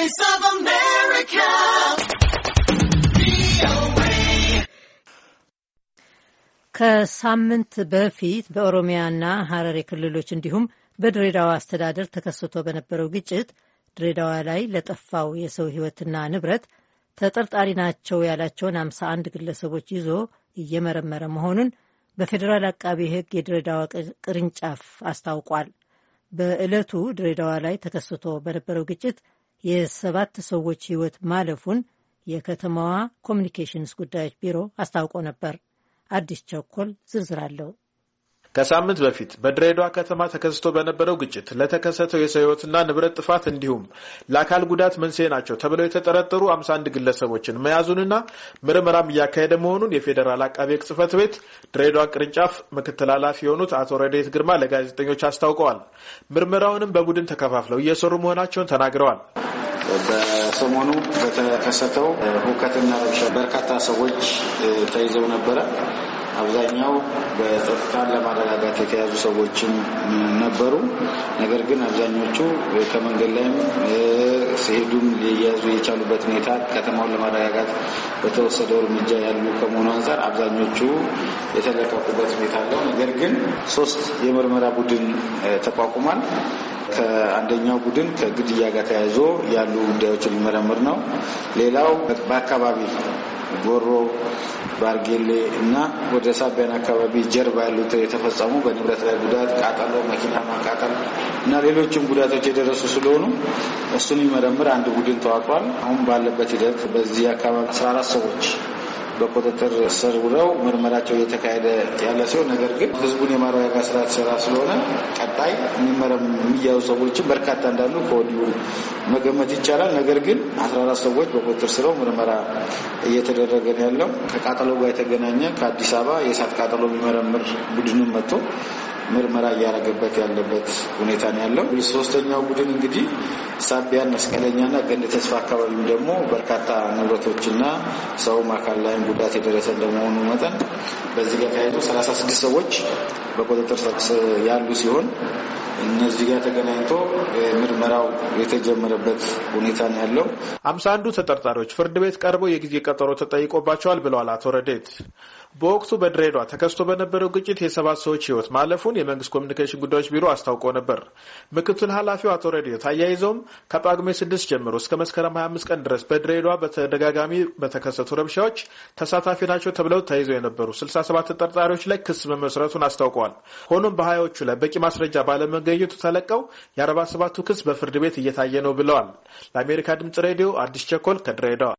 Voice of America. ከሳምንት በፊት በኦሮሚያና ሀረሪ ክልሎች እንዲሁም በድሬዳዋ አስተዳደር ተከስቶ በነበረው ግጭት ድሬዳዋ ላይ ለጠፋው የሰው ሕይወትና ንብረት ተጠርጣሪ ናቸው ያላቸውን አንድ ግለሰቦች ይዞ እየመረመረ መሆኑን በፌዴራል አቃቢ ሕግ የድሬዳዋ ቅርንጫፍ አስታውቋል። በዕለቱ ድሬዳዋ ላይ ተከስቶ በነበረው ግጭት የሰባት ሰዎች ሕይወት ማለፉን የከተማዋ ኮሚኒኬሽንስ ጉዳዮች ቢሮ አስታውቆ ነበር። አዲስ ቸኮል ዝርዝር አለው። ከሳምንት በፊት በድሬዳዋ ከተማ ተከስቶ በነበረው ግጭት ለተከሰተው የሰው ሕይወትና ንብረት ጥፋት እንዲሁም ለአካል ጉዳት መንስኤ ናቸው ተብለው የተጠረጠሩ አምሳ ግለሰቦችን መያዙንና ምርመራም እያካሄደ መሆኑን የፌዴራል አቃቤ ሕግ ጽሕፈት ቤት ድሬዳዋ ቅርንጫፍ ምክትል ኃላፊ የሆኑት አቶ ረዴት ግርማ ለጋዜጠኞች አስታውቀዋል። ምርመራውንም በቡድን ተከፋፍለው እየሰሩ መሆናቸውን ተናግረዋል። በሰሞኑ በተከሰተው ሁከትና ረብሻ በርካታ ሰዎች ተይዘው ነበረ። አብዛኛው በጸጥታን ለማረጋጋት የተያዙ ሰዎችም ነበሩ። ነገር ግን አብዛኞቹ ከመንገድ ላይም ሲሄዱም ሊያዙ የቻሉበት ሁኔታ ከተማውን ለማረጋጋት በተወሰደው እርምጃ ያሉ ከመሆኑ አንጻር አብዛኞቹ የተለቀቁበት ሁኔታ አለው። ነገር ግን ሶስት የምርመራ ቡድን ተቋቁሟል። ከአንደኛው ቡድን ከግድያ ጋር ተያይዞ ያሉ ጉዳዮችን ሊመረምር ነው። ሌላው በአካባቢ ጎሮ፣ ባርጌሌ እና ወደ ሳቢያን አካባቢ ጀርባ ያሉት የተፈጸሙ በንብረት ላይ ጉዳት፣ ቃጠሎ፣ መኪና ማቃጠል እና ሌሎችም ጉዳቶች የደረሱ ስለሆኑ እሱን የሚመረምር አንድ ቡድን ተዋቅሯል። አሁን ባለበት ሂደት በዚህ አካባቢ 14 ሰዎች በቁጥጥር ስር ውለው ምርመራቸው እየተካሄደ ያለ ሲሆን ነገር ግን ህዝቡን የማረጋጋት ስራ ተሰራ ስለሆነ ቀጣይ የሚያዙ ሰዎችን በርካታ እንዳሉ ከወዲሁ መገመት ይቻላል። ነገር ግን አስራ አራት ሰዎች በቁጥጥር ስረው ምርመራ እየተደረገ ነው ያለው። ከቃጠሎ ጋር የተገናኘ ከአዲስ አበባ የእሳት ቃጠሎ የሚመረምር ቡድንም መጥቶ ምርመራ እያደረገበት ያለበት ሁኔታ ነው ያለው። ሶስተኛው ቡድን እንግዲህ ሳቢያን፣ መስቀለኛና ገንደ ተስፋ አካባቢም ደግሞ በርካታ ንብረቶችና ሰውም አካል ላይም ጉዳት የደረሰ እንደመሆኑ መጠን በዚህ ጋር ተያይዞ 36 ሰዎች በቁጥጥር ስር ያሉ ሲሆን እነዚህ ጋር ተገናኝቶ ምርመራው የተጀመረበት ሁኔታ ነው ያለው። አምሳ አንዱ ተጠርጣሪዎች ፍርድ ቤት ቀርበው የጊዜ ቀጠሮ ተጠይቆባቸዋል ብለዋል አቶ ረዴት። በወቅቱ በድሬዷ ተከስቶ በነበረው ግጭት የሰባት ሰዎች ህይወት ማለፉን የመንግስት ኮሚኒኬሽን ጉዳዮች ቢሮ አስታውቆ ነበር። ምክትል ኃላፊው አቶ ረዲዮት አያይዘውም ከጳጉሜ ስድስት ጀምሮ እስከ መስከረም 25 ቀን ድረስ በድሬዳዋ በተደጋጋሚ በተከሰቱ ረብሻዎች ተሳታፊ ናቸው ተብለው ተይዘው የነበሩ 67 ተጠርጣሪዎች ላይ ክስ መመስረቱን አስታውቀዋል። ሆኖም በሀያዎቹ ላይ በቂ ማስረጃ ባለመገኘቱ ተለቀው የ47ቱ ክስ በፍርድ ቤት እየታየ ነው ብለዋል። ለአሜሪካ ድምጽ ሬዲዮ አዲስ ቸኮል ከድሬዳዋ